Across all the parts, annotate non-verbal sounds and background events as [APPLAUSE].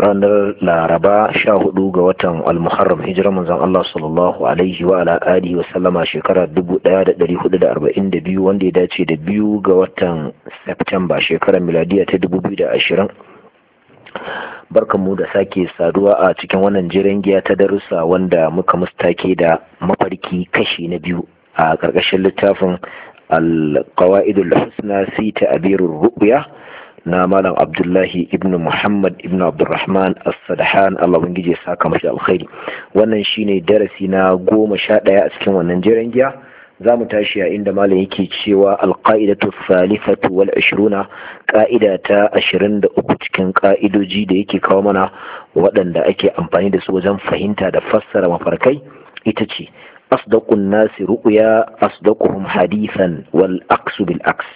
ranar laraba sha hudu ga watan almuharram hijirar manzon Allah sallallahu alaihi wa ala alihi wa sallama shekara 1442 wanda ya dace da biyu ga watan Septemba shekarar miladiya ta 2020 barkanmu da sake saduwa a cikin wannan jiran giya ta darussa wanda muka mustake da mafarki kashi na biyu a ƙarƙashin littafin al-qawaidul husna sita abirur ru'ya na malam abdullahi ibn muhammad ibn abdurrahman as-sadahan allah ubangiji ya saka mashi alkhairi wannan shine darasi na goma sha ɗaya a cikin wannan jiran giya za mu tashi a inda malam yake cewa alƙa'idatu salifatu wal ashiruna ka'ida ta ashirin da uku cikin ƙa'idoji da yake kawo mana waɗanda ake amfani da su wajen fahimta da fassara mafarkai ita ce asdaqun nasi ru'ya asdaquhum hadithan wal aksu bil aks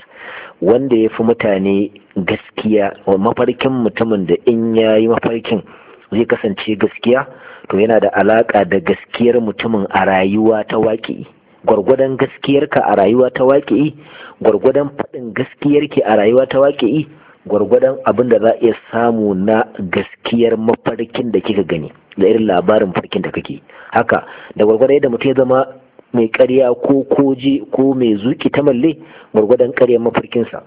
wanda ya fi mutane gaskiya wa mafarkin mutumin da in ya yi mafarkin zai kasance gaskiya to yana da alaka da gaskiyar mutumin a rayuwa ta waƙi gwargwadon gaskiyarka a rayuwa ta waƙi gwargwadon faɗin gaskiyarki a rayuwa ta waƙi gwargwadon abin da za a iya samu na gaskiyar mafarkin da kika gani da irin labarin farkin da kake haka da gwargwadon yadda mutum ya zama mai ƙarya ko koje ko mai zuki ta malle gwargwadon ƙaryar mafarkinsa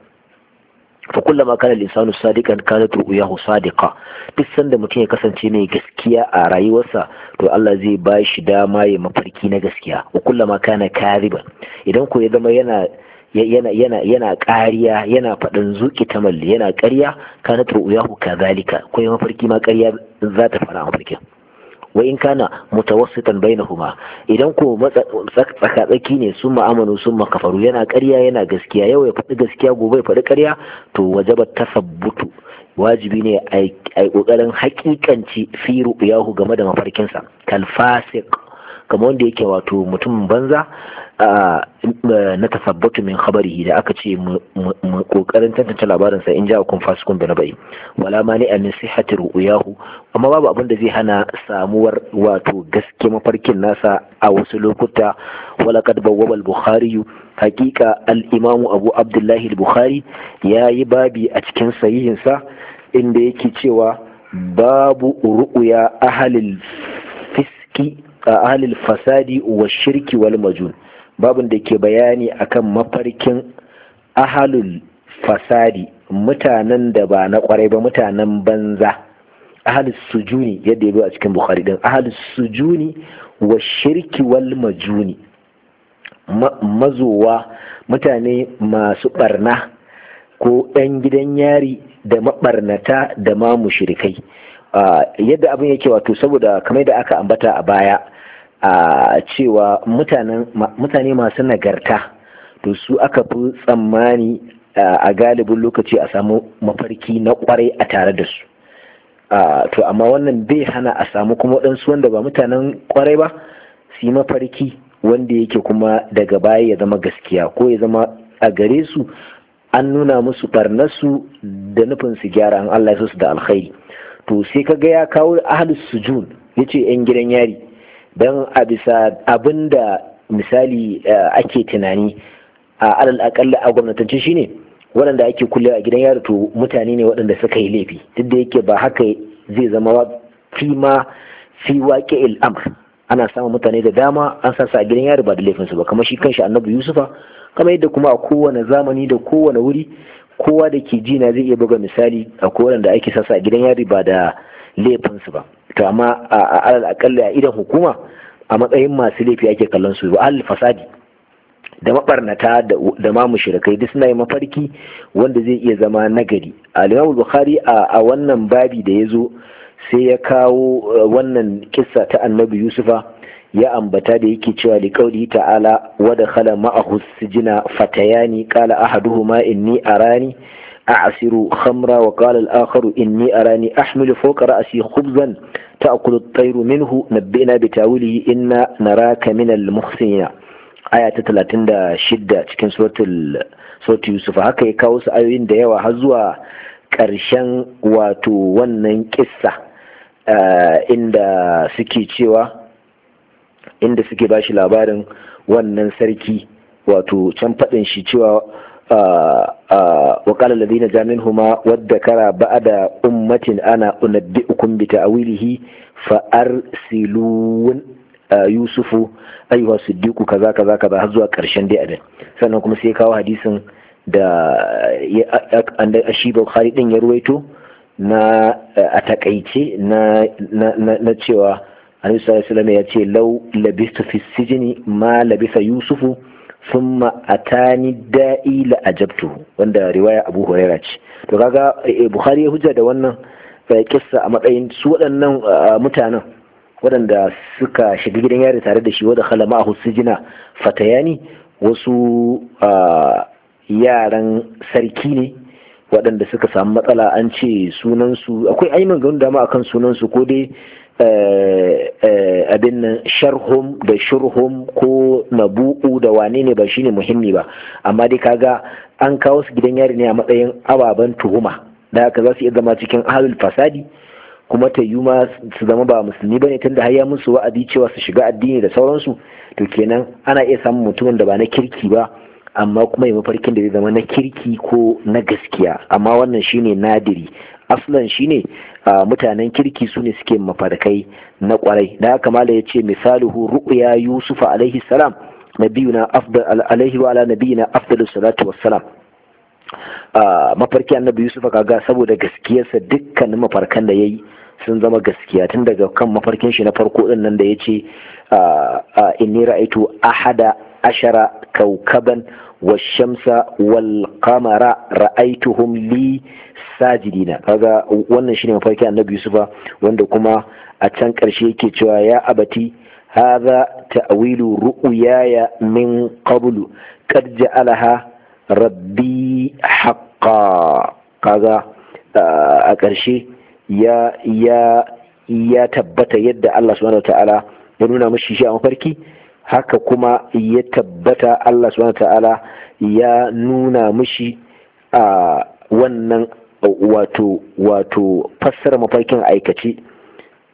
fa ma, kana lisanu sadiqan kana Yahu sadiqa duk sanda mutum ya kasance mai gaskiya a rayuwarsa to Allah zai ba shi dama ya mafarki na gaskiya wa ma, kana kariban idan ko ya zama yana yana yana yana ƙariya yana faɗin zuki ta malli yana ƙarya kana Yahu kazalika ko mafarki ma ƙarya za ta fara mafarkin wa in kana mutawassitan bainahuma idan ko tsaki ne sun ma'amanu sun kafaru yana ƙarya yana gaskiya yau ya faɗi gaskiya gobe ya faɗi ƙarya to wajaba tasabbutu wajibi ne a yi ƙoƙarin haƙiƙanci fi ruɓiyahu game da mafarkinsa kalfasik kamar wanda yake wato mutumin banza na tasabbatu min khabari da aka ce mu kokarin tantance labarin sa in ja kun fasikun bi nabai wala mani an sihhati ru'yahu amma babu abin da zai hana samuwar wato gaske mafarkin nasa a wasu lokuta wala kad bawwaba al-bukhari haqiqa al-imamu abu abdullahi al-bukhari yayi babi a cikin sahihin sa inda yake cewa babu ru'ya ahlil fiski ahlil fasadi wa shirki wal majun babun da ke bayani akan mafarkin ahalul fasadi mutanen da ba na kwarai ba mutanen banza ahalus sujuni yadda ya a cikin bukhari din ahalus sujuni wa shirki wal majuni mazowa mutane masu barna ko ɗan gidan yari da maɓarnata da ma mushrikai yadda abin yake wato saboda kamar da aka ambata a baya a cewa mutane masu nagarta to su aka fi tsammani a galibin lokaci a samu mafarki na kwarai a tare da su to amma wannan bai hana a samu kuma waɗansu wanda ba mutanen kwarai ba su yi mafarki wanda yake kuma daga baya ya zama gaskiya ko ya zama a gare su an nuna musu barnarsu da nufin su gyara an Allah ya su da alkhairi to sai ga ya kawo ahlus sujun yace yan gidan yari dan a bisa abinda misali eh, ake tunani a alal akalla a gwamnatance shine waɗanda ake kulle a gidan yari to mutane ne waɗanda suka yi laifi duk da yake ba haka zai zama fi ma fi waƙe al'amr ana samun mutane da dama an sa a gidan yari ba da laifinsu ba kamar shi kanshi annabi yusufa kamar yadda kuma a kowane zamani da kowane wuri kowa da ke ji na zai iya buga misali a koren da ake sasa a gidan yari ba da laifinsu ba to amma a alal akalla a idan hukuma a matsayin masu laifi ake kallon su ba fasadi da mabarnata da ma mushrikai duk suna yi mafarki wanda zai iya zama nagari al-Imam Bukhari a wannan babi da ya zo sai ya kawo eh, wannan kissa ta Annabi Yusufa ya ambata da yake cewa da kauli ta'ala wa dakhala ma'ahu sijina fatayani qala ahaduhuma inni arani asiru, khamra wa qala al-akharu inni arani ahmilu fawqa ra'si khubzan ta'kulu at-tayru minhu nabbina bi tawilihi inna naraka min al-muhsinina aya ta 36 cikin suratul suratul yusuf haka ya kawo su ayoyin da yawa har zuwa ƙarshen wato wannan kissa eh, inda suke cewa inda suke ba shi labarin wannan sarki wato can faɗin shi cewa wa ƙalar ladina jamin huma wadda kara ba da ummatin ana unabbi ukun bi ta'wilihi fa'ar arsilun yusufu ayyuha siddiqu kaza kaza kaza har zuwa ƙarshen dai abin sannan kuma sai kawo hadisin da ya ashi bukhari ɗin ya ruwaito na a taƙaice na cewa annabi sallallahu alaihi ya ce lau labistu fi sijini ma labisa yusufu thumma atani da'i la ajabtu wanda riwaya abu huraira ce to kaga eh, bukhari ya hujja da wannan eh, kissa a matsayin su waɗannan eh, mutanen waɗanda suka shiga gidan yari tare da shi wadda halama a husijina fatayani wasu yaran sarki ne waɗanda suka samu matsala an ce sunansu akwai ainihin ganu dama akan sunansu ko dai Eh, eh, abin nan sharhum da shurhum ko nabu'u da wane ne ba shine muhimmi ba amma dai kaga an kawo su gidan yari ne a matsayin ababen tuhuma da haka za su iya zama cikin ahalul fasadi kuma ta yi ma su zama ba musulmi bane tun har ya musu wa'adi cewa su shiga addini da sauransu to kenan ana iya samun mutumin da ba na kirki ba amma kuma ya mafarkin da zai zama na kirki ko na gaskiya amma wannan shine nadiri aslan shine mutanen kirki su ne suke mafarkai na kwarai da haka mala ya ce misaluhu ru'ya Yusuf alaihi salam nabiyuna afdal alaihi wa ala nabiyina afdal salatu wassalam mafarki annabi yusuf kaga saboda gaskiyarsa dukkanin mafarkan da yayi sun zama gaskiya tun daga kan mafarkin shi na farko din nan da ya ce inni ra'aitu ahada ashara kaukaban washamsa wal qamara ra'aituhum li sajidina kaga wannan shine mafarki annabi yusufa wanda kuma a can ƙarshe yake cewa ya abati hadha ta'wilu ru'uyaya min qablu qad ja'alaha rabbi haqqa kaga a ƙarshe ya tabbata yadda Allah subhanahu wataala ya nuna mashi shi a mafarki haka kuma ya tabbata Allah subhanahu ta'ala ya nuna mushi a wannan wato wato fassara mafarkin aikace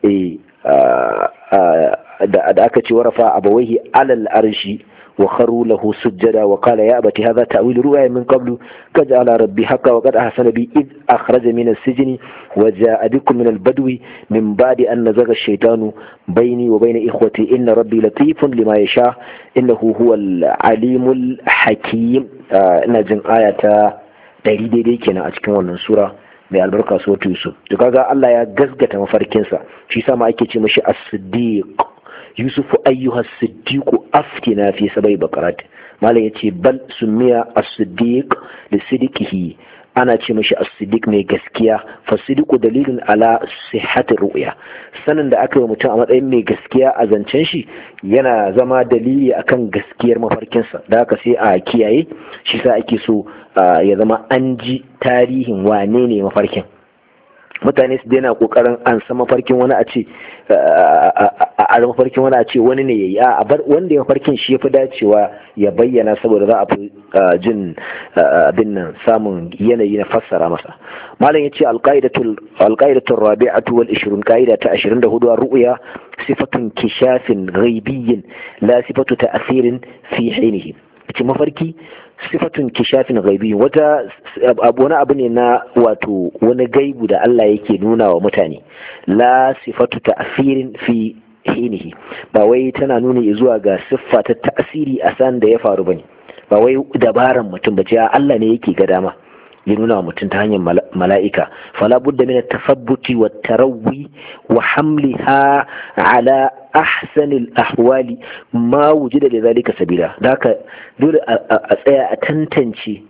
eh, da aka ce warafa abawaihi alal arshi wa kharu lahu sujjada wa qala ya abati hadha ta'wil ru'ya min qablu qad ala rabbi haqqan wa qad ahsana bi id akhraja min as-sijni wa ja'a bikum min al-badwi min ba'di an nazaga ash-shaytanu bayni wa bayna ikhwati inna rabbi latifun lima yasha innahu al alimul hakim ah, ina jin aya ta 100 daidai kenan a cikin wannan sura mai albarka suratul yusuf to kaga Allah ya gasgata mafarkinsa shi sa ma ake ce mashi as-siddiq yusufu ayyuha siddiqu aftina fi sabai bakarat malam yace bal sumiya as-siddiq li sidqihi ana ce mashi as mai gaskiya fa sidqu dalilin ala sihhati ru'ya sanin da aka yi mutum a matsayin mai gaskiya a zancen shi yana zama dalili akan gaskiyar mafarkinsa da haka sai a kiyaye shi sa ake so ya zama an ji tarihin wanene mafarkin mutane su daina kokarin an san mafarkin wani a ce a mafarkin wani a ce wani ne yi a bar wanda ya mafarkin shi ya fi dacewa ya bayyana saboda za a fi jin abin nan samun yanayi na fassara masa malam ya ce alqaidatul rabi'atu wal 20 ka'ida ta 24 Ru'uya, sifatun kishafin ghaibiyyin la sifatu ta'thirin fi ce mafarki sifatun kishafin gaibi wata wani abu ne na wato wani gaibu da Allah yake nuna wa mutane la sifatu ta'asirin fi hinihi ba wai tana nuna zuwa ga siffa ta tasiri a san da ya faru bane ba wai dabaran mutum ba ce Allah ne yake ga dama ya nuna wa mutum ta hanyar mala'ika fala budda min tafabbuti wa tarawwi wa hamliha ala ahsanil ahwali ma wujida da zalika sabila da haka dole a tsaya a tantance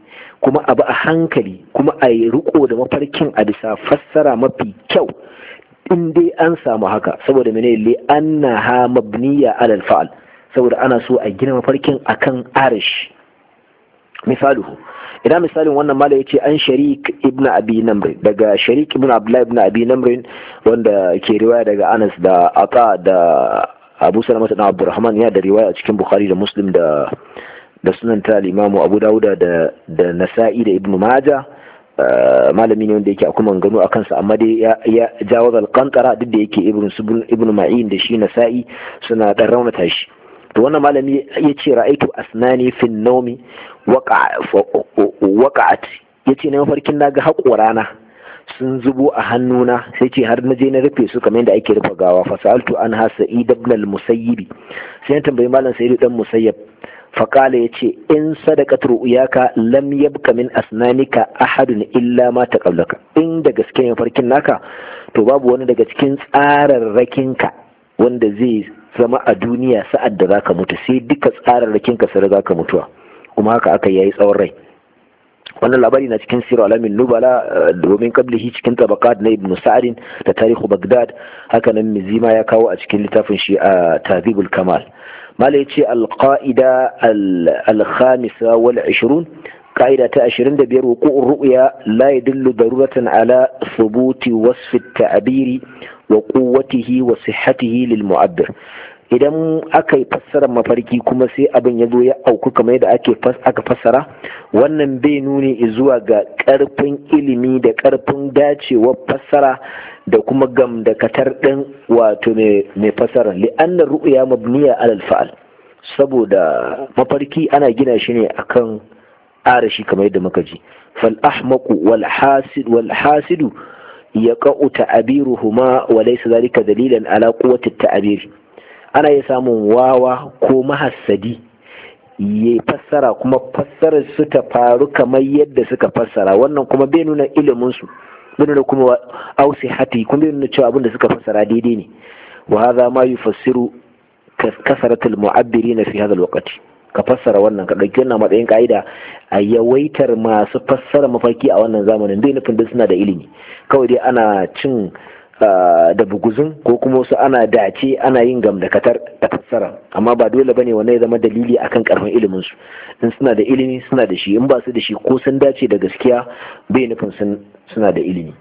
kuma abu a hankali kuma a yi riko da mafarkin a bisa fassara mafi kyau in dai an samu haka saboda mene na annaha mabniya alal fa'al saboda ana so a gina mafarkin akan arish misaluhu ina misalin wannan mala yace an sharik ibn abi namr daga sharik ibn abdullah ibn abi namr wanda ke riwaya daga anas da ata da abu salama da abdurrahman ya da riwaya a cikin bukhari da muslim da da sunan ta abu dauda da da nasa'i da ibn maja uh, malami ne wanda yake akwai manganu a kansa amma dai ya jawaz alqantara duk da yake ibn ibn ma'in da shi nasa'i suna dan raunata shi to wannan malami ya ce ra'aitu asnani fi naumi ya ce na mafarkin naga haƙorana sun zubo a hannuna sai ce har na je na rufe su kamar yadda ake rufe gawa fasaltu an ha sa'id ibn al sai na tambayi malam sa'id dan musayyab faqala yace in ya ru'yaka lam yabqa min asnanika ahadun illa ma ta taqablaka in da gaske ne farkin naka to babu wani daga cikin tsararrakinka wanda zai zama a duniya sa'ad da zaka mutu sai duka tsararrakin ka sai zaka mutuwa kuma haka aka yayi tsawon rai wannan labari na cikin siru alamin nubala eh, domin kablihi cikin tabakat na ibn sa'adin da tarihu bagdad haka nan mizima ya kawo a cikin littafin shi a eh, tazibul kamal mala ya ce alƙa'ida alhamisa wal ta قاعدة أشرين دبير وقوع الرؤيا لا ala, subuti, على wa وصف التعبير وقوته lil mu'abbir idan aka yi fassarar mafarki kuma sai abin ya zo ya auku kamar yadda ake aka fassara wannan bai nuni zuwa ga ƙarfin ilimi da karfin dacewa fassara da kuma gamdakatar ɗin wato mai fassara li'annar ru'ya mabniya alal fa'al saboda mafarki ana gina shi ne akan ƙara shi kamar yadda muka ji fal ahmaqu wal hasid wal hasidu yaqa'u ta'abiruhuma wa laysa dalilan ala quwwati ana iya samun wawa ko mahassadi ya fassara kuma fassarar su ta faru kamar yadda suka fassara wannan kuma bai nuna ilimin su bai nuna kuma ausi hati kuma bai nuna cewa abin da suka fassara daidai ne wa hadha ma yufassiru kasaratul mu'abbirin fi hadha al-waqti ka fassara wannan ka ɗauki wannan matsayin ka'ida a yawaitar masu fassara mafarki a wannan zamanin dai nufin duk suna da ilimi kawai dai ana cin da buguzun ko kuma wasu ana dace ana yin gamdakatar da fassara amma ba dole bane wannan ya zama dalili akan karfin ilimin su in suna da ilimi suna da shi in ba su da shi ko sun dace da gaskiya bai nufin suna da ilimi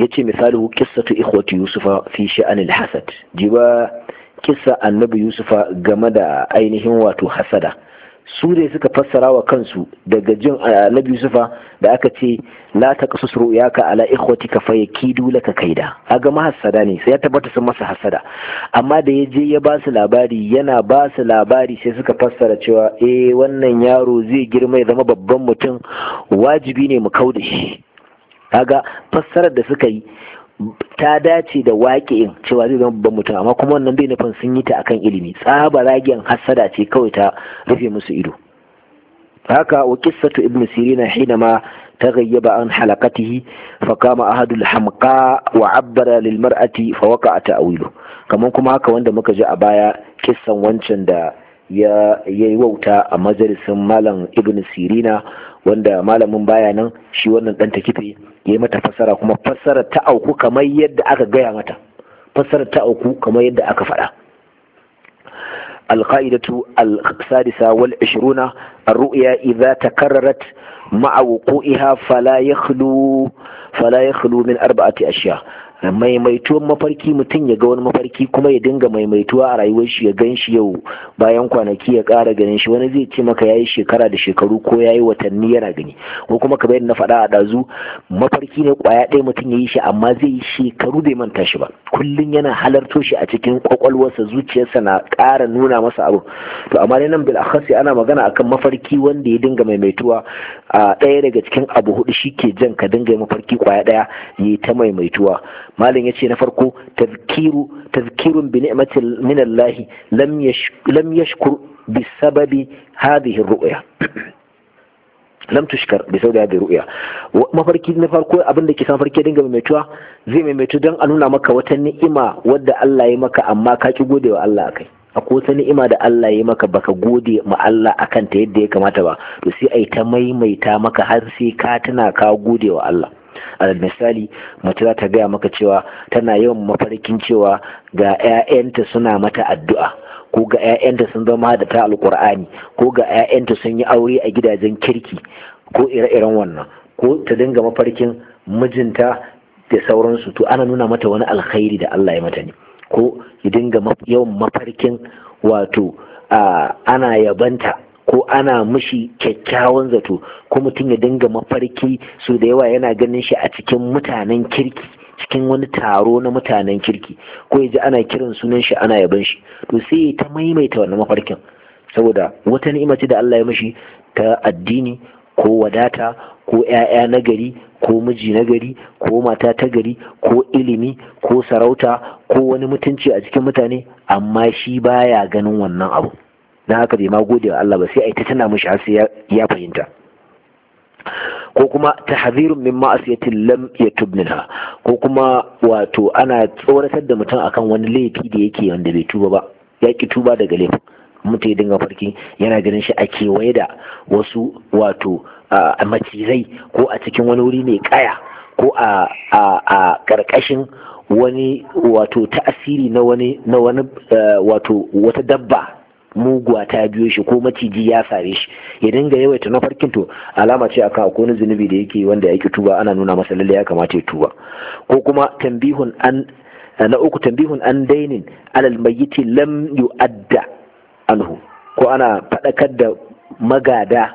yace misali qissatu ikhwati yusufa fi sha'anil hasad jiba kisa annabi yusufa game da ainihin wato hasada su dai suka fassara wa kansu daga jin eh, annabi yusufa da aka ce la ta kasu ru'yaka ala ikhwatika fa yakidu laka kaida aga mahassada ne sai ya tabbata sun masa hasada amma da ya je ya ba su labari yana ba su labari sai suka fassara cewa eh wannan yaro zai girma ya zama babban mutum wajibi ne mu kaude shi kaga fassarar da suka yi ta dace da waƙi'in cewa zai zama babban mutum amma kuma wannan bai nufin sun yi ta akan ilimi tsaba ragiyan hasada ce kawai ta rufe musu ido haka wa qissatu ibn sirin hina ma ta taghayyaba an halaqatihi fa kama ahadul hamqa wa abbara lil mar'ati fa waqa'a ta'wilu kaman kuma haka wanda muka ji a baya kissan wancan da ya yayi wauta a majalisin malam ibn sirina wanda malamin baya nan shi wannan dan takife ya mata fassara kuma fassara ta auku kamar yadda aka gaya mata fassara ta auku kamar yadda aka faɗa القاعدة السادسة والعشرون الرؤيا إذا تكررت مع وقوعها فلا يخلو فلا يخلو من أربعة أشياء maimaituwar mafarki mutum ya ga wani mafarki kuma ya dinga maimaituwa a rayuwar shi ya gan shi yau bayan kwanaki ya ƙara ganin shi wani zai ce maka ya yi shekara da shekaru ko ya yi watanni yana gani ko kuma kamar yadda na faɗa a ɗazu mafarki ne ƙwaya ɗaya mutum ya yi shi amma zai yi shekaru bai manta shi ba kullum yana halarto shi a cikin kwakwalwarsa zuciyarsa na ƙara nuna masa abu to amma dai nan bil akhasi ana magana akan mafarki wanda ya dinga maimaituwa a ɗaya daga cikin abu hudu shi ke jan ka dinga mafarki ƙwaya ɗaya ya ta maimaituwa malam ce na farko tazkiru tazkirun bi ni'matil min Allah lam lam yashkur bi sababi hadhihi ru'ya [CLEARS THROAT] lam tushkar bi sababi hadhihi ru'ya mafarki na farko abin da ke san farki dinga maimaituwa zai maimaitu dan a nuna maka wata ni'ima wadda Allah ya maka amma ka ki gode wa Allah akai akwai wata ni'ima da Allah ya maka baka gode ma Allah akan ta yadda ya kamata ba to sai ai ta maimaita maka har sai ka tana ka gode wa Allah alal misali mace za ta gaya maka cewa tana yawan mafarkin cewa ga 'ya'yanta suna mata addu'a ko ga 'ya'yanta sun zama da ta alkur'ani ko ga 'ya'yanta sun yi aure a gidajen kirki ko ire-iren wannan ko ta dinga mafarkin mijinta da sauransu to ana nuna mata wani alkhairi da Allah ya mata ne ko ya dinga yawan mafarkin wato ana yabanta ko ana mushi kyakkyawan zato ko mutum ya dinga mafarki su da yawa yana ganin shi a cikin mutanen kirki cikin wani taro na mutanen kirki ko ya ji ana kiran sunan shi ana yaban shi to sai ya ta maimaita wannan mafarkin saboda wata ni'ima da Allah ya mishi ta addini ko wadata ko 'ya'ya na gari ko miji na gari ko mata ta gari ko ilimi ko sarauta ko wani mutunci a cikin mutane amma shi baya ganin wannan abu na haka bai ma gode wa Allah ba sai a ta tana mishi har sai ya fahimta ko kuma tahdhirun min ma'asiyati lam yatub minha ko kuma wato ana tsoratar da mutum akan wani laifi da yake wanda bai tuba ba ya ki tuba daga laifin mutum ya dinga farki yana ganin shi a kewaye da wasu wato macizai ko a cikin wani wuri mai kaya ko a karkashin wani wato ta'asiri na wani na wani eh, wato wata dabba muguwa ta biyo shi ko maciji ya sare shi ya dinga yawaita na farkin to alama ce akan akwai wani zunubi da yake wanda yake tuba ana nuna masa lalle ya kamata ya tuba ko kuma tambihun an na uku tambihun an dainin alal mayyiti lam yu'adda anhu ko ana faɗakar da magada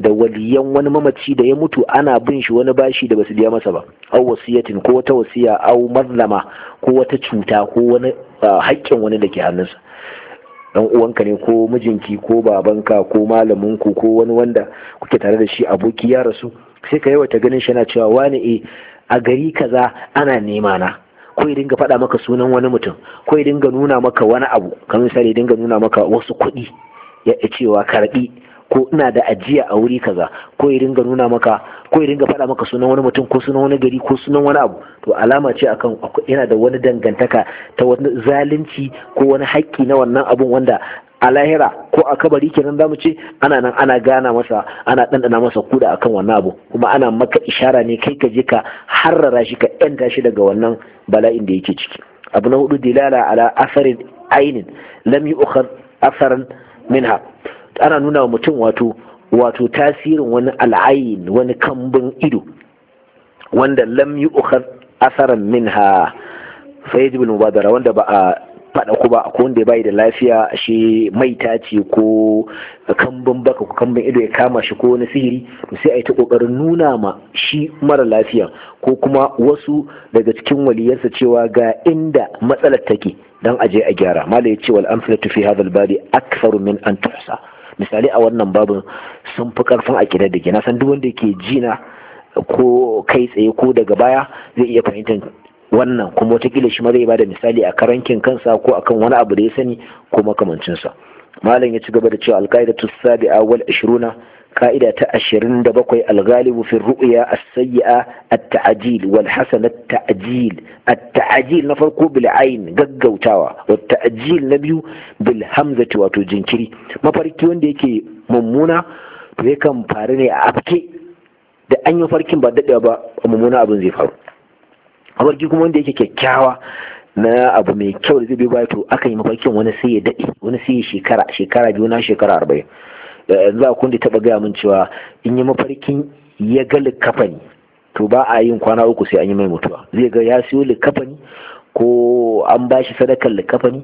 da waliyan wani mamaci da ya mutu ana bin shi wani bashi da basu biya masa ba au wasiyatin ko wata wasiya au mazlama ko wata cuta ko wani ah, haƙƙin wani da ke hannunsa dan uwanka ne ko mijinki ko babanka ko malaminku ko wani wanda kuke tare da shi aboki ya rasu sai ka ta ganin shi yana cewa wani e eh, a gari kaza ana nema na ko ya dinga faɗa maka sunan wani mutum ko ya dinga nuna maka wani abu kamar misali ya dinga nuna maka wasu kuɗi ya cewa karɓi ko ina da ajiya a wuri kaza ko ya ringa nuna maka ko ya ringa faɗa maka sunan wani mutum ko sunan wani gari ko sunan wani abu to alama ce akan yana da wani dangantaka ta wani zalunci ko wani haƙƙi na wannan abun wanda a lahira ko a kabari kenan zamu ce ana nan ana gana masa ana ɗanɗana masa kuda akan wannan abu kuma ana maka ishara ne kai ka je ka harrara shi ka ƴanta shi daga wannan bala'in da yake ciki abu na hudu dilala ala asarin ainin lam yu'khad asaran minha ana nuna wa mutum wato wato tasirin wani al'ayin wani kambun ido wanda lam yi ukhad asaran ha sai jibin mubadara wanda ba a faɗa ku ba ko wanda bai da lafiya shi maita ce ko kambin baka ko kambin ido ya kama shi ko wani sihiri sai a yi ta ƙoƙarin nuna ma shi mara lafiya ko kuma wasu daga cikin waliyarsa cewa ga inda matsalar take dan aje a gyara Malam ya ce wal amsalatu fi hadha al badi aktharu min an tuhsa misali a wannan babin sun fi karfin akidar da ke na san duk wanda ke jina ko kai tsaye ko daga baya zai iya fahimtar wannan kuma watakila shi ma zai da misali a karankin kansa ko a kan wani abu da ya sani ko makamancinsa malam ya ci gaba da cewa alkaidatu sabi'a wal ashruna ka'ida ta 27 da fi ru'ya as-sayyi'a at-ta'jil wal hasan at-ta'jil na farko bil gaggautawa wa ta'jil na biyu bil wato jinkiri mafarki wanda yake mummuna to yakan faru ne a da an yi farkin ba daɗewa ba mummuna abin zai faru mafarki kuma wanda yake kyakkyawa na abu mai kyau da zai biyo baya to akan yi mafarkin wani sai ya daɗe wani sai ya shekara shekara biyu na shekara arba'in za kun da taba gaya min cewa in yi mafarkin ya ga likafani to ba a yin kwana uku sai an yi mai mutuwa zai ga ya siyo likafani ko an ba shi sadakar likafani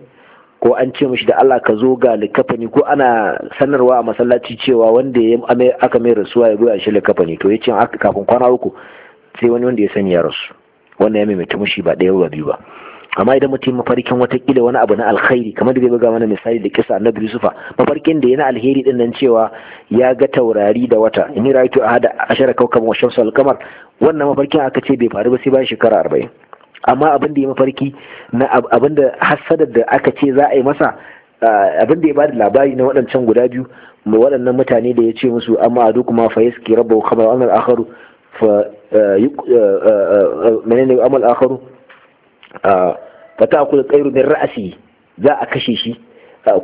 ko an ce mishi da Allah ka zo ga likafani ko ana sanarwa a masallaci cewa wanda ya aka mai rasuwa ya goya shi likafani to ya ce kafin kwana uku sai wani wanda ya sani ya rasu wannan ya mai mutum shi ba ɗaya ba biyu ba amma idan mutum mafarkin watakila wani abu na alkhairi kamar da zai buga mana misali da kisa annabi yusufa mafarkin da yana alheri din nan cewa ya ga taurari da wata in rayutu ahada ashara kawkaban wa shamsu al-qamar wannan mafarkin aka ce bai faru ba sai bayan shekara 40 amma abin da ya mafarki na abin da da aka ce za a yi masa abin da ya bada labari na waɗancan guda biyu mu waɗannan mutane da ya ce musu amma adu kuma fa yaski rabbahu khamar amal akharu fa menene amal akharu fata kula tsairu min ra'asi za a kashe shi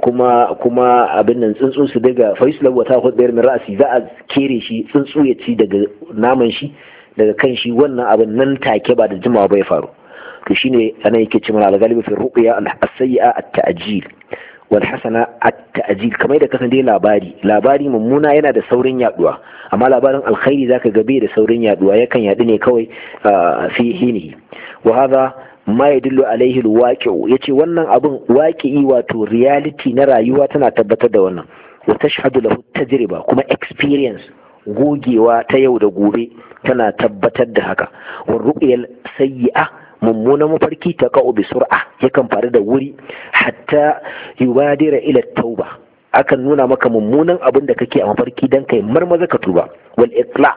kuma kuma abin nan tsuntsu su daga faisla wata kula tsairu min ra'asi za a kere shi tsuntsu ya ci daga naman shi daga kan shi wannan abin nan take ba da jimawa bai faru to shine ana yake cewa al-galibi fi ruqya al sayyia at-ta'jil wal hasana at-ta'jil kamar da kasan dai labari labari mummuna yana da saurin yaduwa amma labarin alkhairi zaka ga bai da saurin yaduwa yakan yadu ne kawai fi hinihi wa hadha ma ya dillo alaihi ya ce wannan abin waƙi'i wato reality na rayuwa tana tabbatar da wannan wa tashhadu lahu tajriba kuma experience gogewa ta yau da gobe tana tabbatar da haka wa ru'yal sayyi'a mummunan mafarki ta ka'u bi sur'a yakan faru da wuri hatta yubadira ila tauba akan nuna maka mummunan abin da kake a mafarki dan kai marmaza ka tuba wal iqla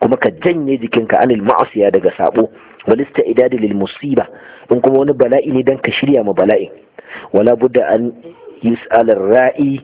kuma ka janye jikinka anil ma'asiya daga sabo balista idadi lil musiba in kuma wani bala'i ne dan ka shirya ma bala'i. wala budda an yus'al ra'i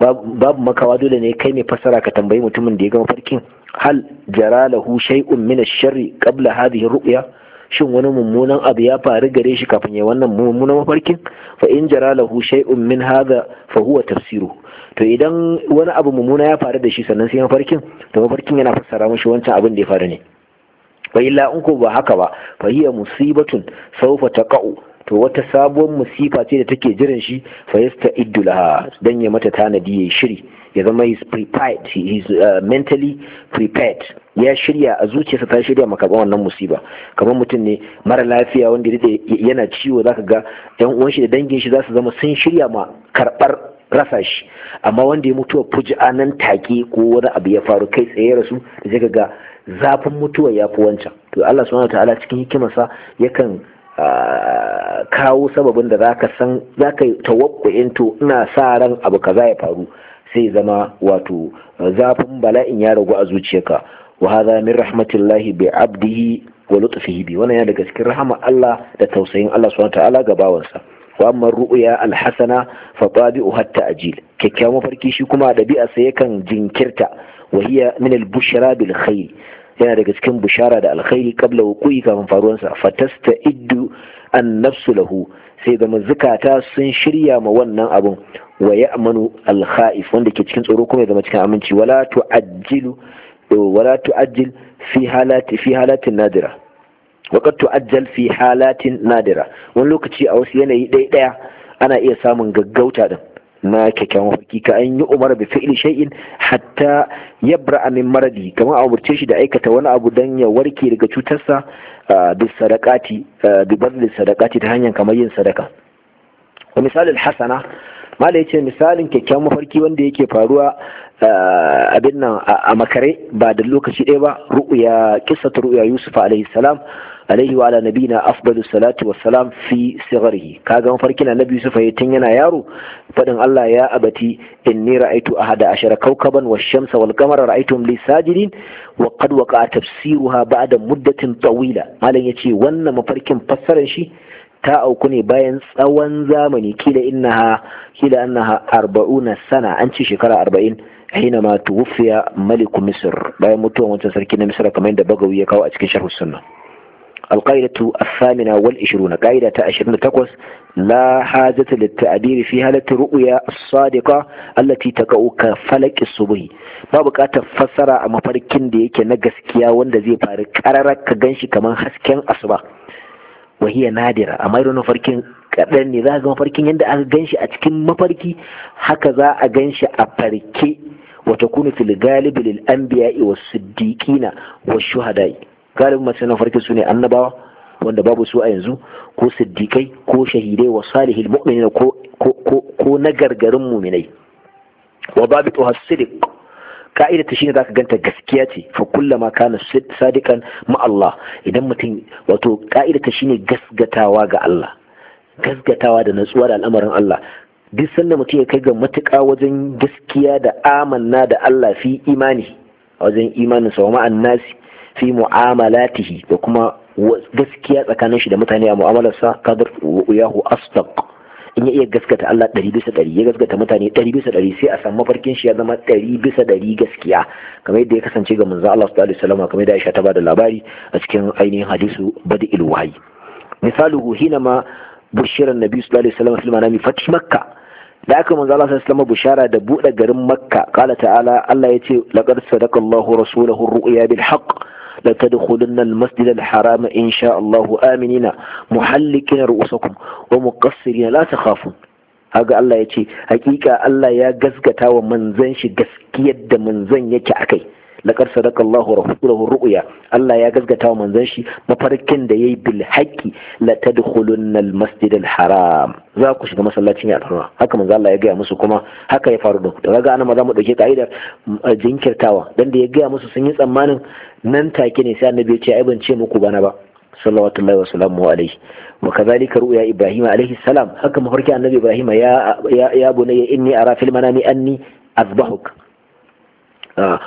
babu makawa dole ne kai mai fasara ka tambayi mutumin da ya gama farkin hal jara shay'un min ash-sharri qabla hadhihi ru'ya shin wani mummunan abu ya faru gare shi kafin ya wannan mummunan mafarkin fa in jara lahu shay'un min hadha fa huwa tafsiru to idan wani abu mummuna ya faru da shi sannan sai mafarkin to mafarkin yana fassara mashi wancan abin da ya faru ne fa illa in ko ba haka ba fa hiya musibatun sawfa taqa'u to wata sabuwar musifa ce da take jiran shi fa yasta laha dan ya mata tanadi ya shiri ya zama is prepared he is uh, mentally prepared ya shirya a zuciyarsa ta shirya maka ba wannan musiba kamar mutum ne mara lafiya wanda yana ciwo zaka ga yan uwan shi da dangin shi za su zama sun shirya ma karbar rasa shi amma wanda ya mutuwa fuji'a nan take ko wani abu ya faru kai tsaye rasu da zai ga zafin mutuwa ya fi wancan to Allah subhanahu ta'ala cikin hikimarsa yakan ah, kawo sababin da zaka san zaka tawakkuin to ina sa ran abu kaza ya faru sai zama wato zafin bala'in ya ragu a zuciyarka wa hadha min rahmatillahi bi abdihi wa lutfihi bi wannan yana daga cikin rahama Allah da tausayin Allah subhanahu ta'ala ga bawansa wa amma ru'ya alhasana fa tabi'u hatta ajil kyakkyawan mafarki shi kuma dabi'a sai yakan jinkirta wa minal min albushra yana daga cikin bushara da alkhairi kabla wukui kafin faruwansa fatasta iddu an nafsu lahu sai zama zukata sun shirya ma wannan abun wa ya'manu alkhaif wanda ke cikin tsoro kuma ya zama cikin aminci wala tu'ajjilu wala tu'ajjil fi halati fi halatin nadira wa tu'ajjal fi halatin nadira wani lokaci a wasu yanayi ɗaya ana iya samun gaggauta din na kyakkyawan mafarki ka an yi umar bi fi'li shay'in hatta yabra min maradi kamar a umurce shi da aikata wani abu dan ya warke daga cutarsa bi sadaqati bi badli sadaqati ta hanyar kamar yin sadaka wa misalin hasana mala yace misalin kyakkyawan mafarki wanda yake faruwa abin nan a makare ba da lokaci ɗaya ba ru'ya qissatu ru'ya yusuf alaihi salam alaihi wa ala nabina afdalu salatu Salam fi sigharihi kaga mafarkin annabi yusuf ya tun yana yaro fadin Allah ya abati inni ra'aytu ahada ashara kaukaban wa shamsa wal-qamara ra'aytuhum li sajidin wa qad waqa'a tafsiruha ba'da muddatin tawila ce yace wannan mafarkin fassarar shi ta auku ne bayan tsawon zamani kila innaha kila annaha 40 sana an ce shekara 40 hina ma tuwfiya maliku misr bayan mutuwan wancan sarki na misra kamar yadda bagawi ya kawo a cikin sharh sunna القاعدة الثامنة والعشرون قاعدة عشرين تقوس لا حاجة للتعبير في حالة الرؤيا الصادقة التي تقع كفلك الصبح babu buƙatar fassara a mafarkin da yake na gaskiya wanda zai faru kararar ka ganshi kamar hasken asuba wahiya nadira amma irin mafarkin kaɗan ne za ga mafarkin yadda aka ganshi a cikin mafarki haka za a ganshi a farke wata kunu fil galibi lil anbiya'i was siddiqina was shuhada'i galibin masu na farki su ne annabawa wanda babu su a yanzu ko siddiƙai ko shahidai wa salihil mu'mini ko ko na gargarin muminai wa babu tuha sidiq ka'ida ta shine zaka ganta gaskiya ce fa kullama kana sadiqan ma Allah idan mutum wato ka'ida ta shine gasgatawa ga Allah gasgatawa da natsuwa da al'amarin Allah duk sanda mutum ya kai ga matuka wajen gaskiya da amanna da Allah fi imani wajen imanin sa wa ma'an nasi fi mu'amalatihi da kuma gaskiya tsakanin shi da mutane a mu'amalarsa kadar yahu asdaq in ya iya gaskata Allah ɗari bisa ɗari ya gaskata mutane ɗari bisa ɗari sai a samu mafarkin shi ya zama ɗari bisa ɗari gaskiya kamar yadda ya kasance ga manzo Allah sallallahu alaihi wasallam kamar yadda Aisha ta bada labari a cikin ainihin hadisu badil wahyi misaluhu hina ma nabi sallallahu alaihi wasallam fil manami fatih makka da aka manzo Allah sallallahu alaihi wasallam bushara da buɗe garin makka qala ta'ala Allah yace laqad sadaqa Allahu rasulahu ar-ru'ya bil haqq لتدخلن المسجد الحرام إن شاء الله آمنين محلقين رؤوسكم ومقصرين لا تخافون Haga Allah ya ce hakika Allah ya gaskata wa manzan shi gaskiyar da manzan yake akai laqad sadaka Allahu rahu Ru'uya, Allah ya gaskata wa manzon shi mafarkin da yayi bil haqqi la tadkhulunna al masjid al haram za ku shiga masallacin ya alfarma haka manzo Allah ya gaya musu kuma haka ya faru da ku daga ana maza mu dauke ka'idar mm, jinkirtawa dan da ya gaya musu sun yi tsammanin nan take ne sai annabi ya ce ai ban ce muku bana ba sallallahu alaihi wasallam wa alaihi wa kadhalika ru'ya ibrahim alaihi salam haka mafarki annabi ibrahim ya ya bunayya inni ara fil manami anni azbahuk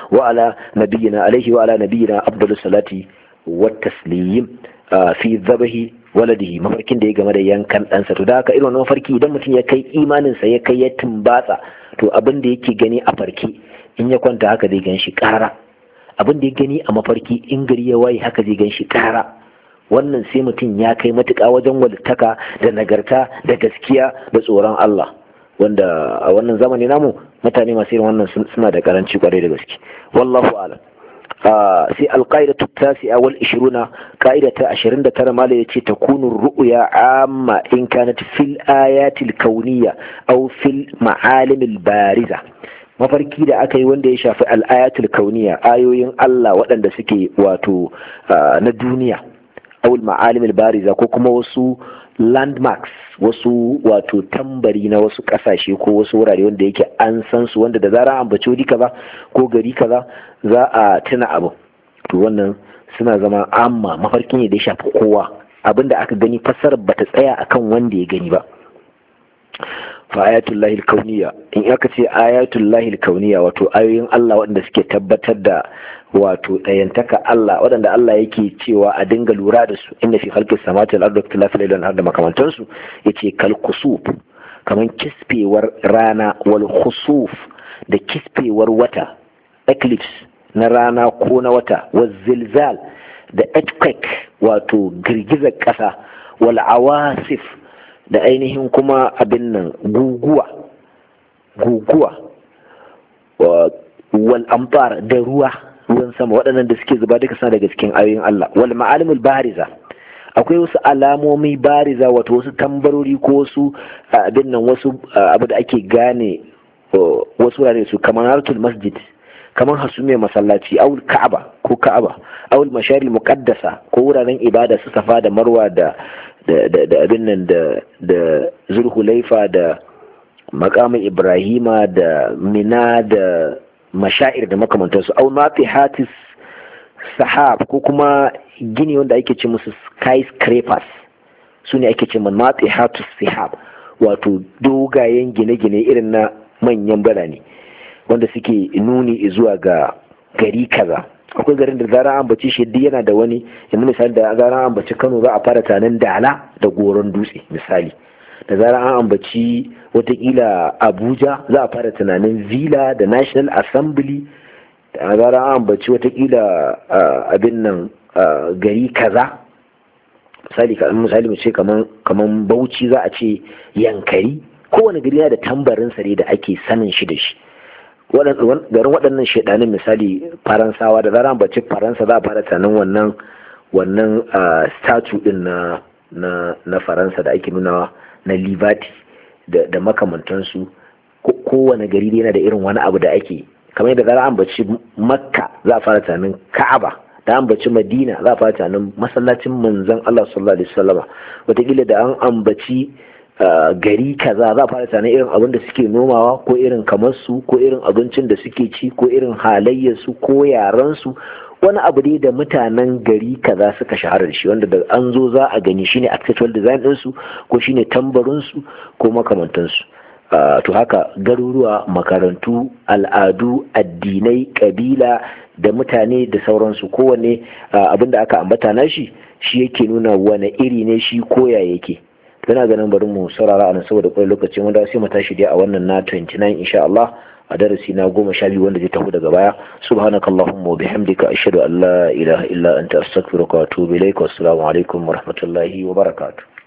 wa ala nabiyina alaihi wa ala nabiyina afdalus salati wat taslim fi dhabahi waladihi mafarkin da ya game da yankan ɗansa to da haka irin wannan mafarki idan mutum ya kai imaninsa ya kai ya timbatsa, to abin da yake gani a farke in ya kwanta haka zai ganshi ƙara abin da ya gani a mafarki in gari ya wayi haka zai ganshi shi ƙara wannan sai mutum ya kai matuƙa wajen waltaka da nagarta da gaskiya da tsoron Allah wanda a wannan zamani namu mutane masu irin wannan suna da karanci kwarai da gaske wallahu alam ah, sai alƙa'ida ta tasi a wal ishiruna ƙa'ida ta ashirin da tara mala ya ce ta kunun ru'uya amma in kanat fil ayatil kauniya au fil ma'alimil bariza mafarki da aka yi wanda ya shafi al'ayatul kauniya ayoyin Allah waɗanda suke wato ah, na duniya au bariza ko kuma wasu landmarks wasu wato tambari na wasu kasashe ko wasu wurare wanda yake an san su wanda da zara ambaci wuri kaza ko gari kaza za a tuna abu to wannan suna zama amma mafarki ne da ya shafi kowa abinda aka gani fasarar bata tsaya akan wanda ya gani ba fa ayatul lahil kauniya in aka ce ayatul lahil kauniya wato ayoyin Allah waɗanda suke tabbatar da wato ɗayantaka Allah waɗanda Allah yake cewa a dinga lura da su inna fi khalqis samati wal ardi ikhtilafil layli wan nahari da makamantan su yace kal kusuf kaman kispewar rana wal khusuf da kispewar wata eclipse na rana ko na wata wal zilzal da earthquake wato girgizar ƙasa wal awasif da ainihin kuma abin nan guguwa guguwa wal amfar da ruwa ruwan sama waɗannan da suke zuba duka suna daga cikin ayoyin Allah wal ma'alimul bariza akwai wasu alamomi bariza wato wasu tambarori ko wasu abin nan wasu abu da ake gane wasu wurare su kamar masjid kamar mai masallaci aul ka'aba ko ka'aba aul mashari muqaddasa ko wuraren ibada su safa da marwa da da abin nan da zulhulaifa da makamin ibrahima da mina da mashair da makamantarsu au hatis sahab ko kuma gini wanda ake ce musu skyscrapers su ne ake ce ma hatis sahab wato dogayen gine-gine irin na manyan birane wanda suke nuni zuwa ga gari kaza akwai garin da zara an bace shi duk yana da wani yanzu misali da zara an bace Kano za a fara tanan Dala da Goron Dutse misali da zara an ambaci watakila Abuja za a fara tunanin zila da National Assembly da zara an ambaci watakila ah, abin nan ah, gari kaza misali misali mu ce kaman kaman Bauchi za a ce Yankari kowane gari yana da tambarin sare da ake sanin shi da shi garin waɗannan shaidanin misali faransawa da zaran bacci faransa za a fara tsanin wannan wannan statu din na na faransa da ake nunawa na liberty da makamantansu kowane gari dai yana da irin wani abu da ake kamar yadda zaran ambaci makka za a fara tsanin ka'aba da ambaci madina za a fara tsanin masallacin manzon allah sallallahu alaihi wasallama wataƙila da an ambaci Eh, gari kaza za fara tunanin irin abin da suke nomawa ko irin kamar su ko irin abincin da suke ci ko irin halayyar su ko yaran su wani abu ne da mutanen gari kaza suka shahara da shi wanda da an zo za a gani shine architectural design din su ko shine tambarin su ko makamantan su eh, to haka garuruwa makarantu al'adu addinai kabila da mutane da sauransu kowane eh, abin da aka ambata nashi shi yake nuna wane iri ne shi koya yake kana ganin bari mu saurara a saboda kwai lokaci wanda da sai mu tashi dai a wannan na 29 insha Allah a darasi na goma sha biyu wanda zai tafi daga baya subhanakallahumma wa bihamdika ashhadu an la ilaha illa anta astaghfiruka wa atubu ilaik wa assalamu alaikum wa rahmatullahi wa barakatuh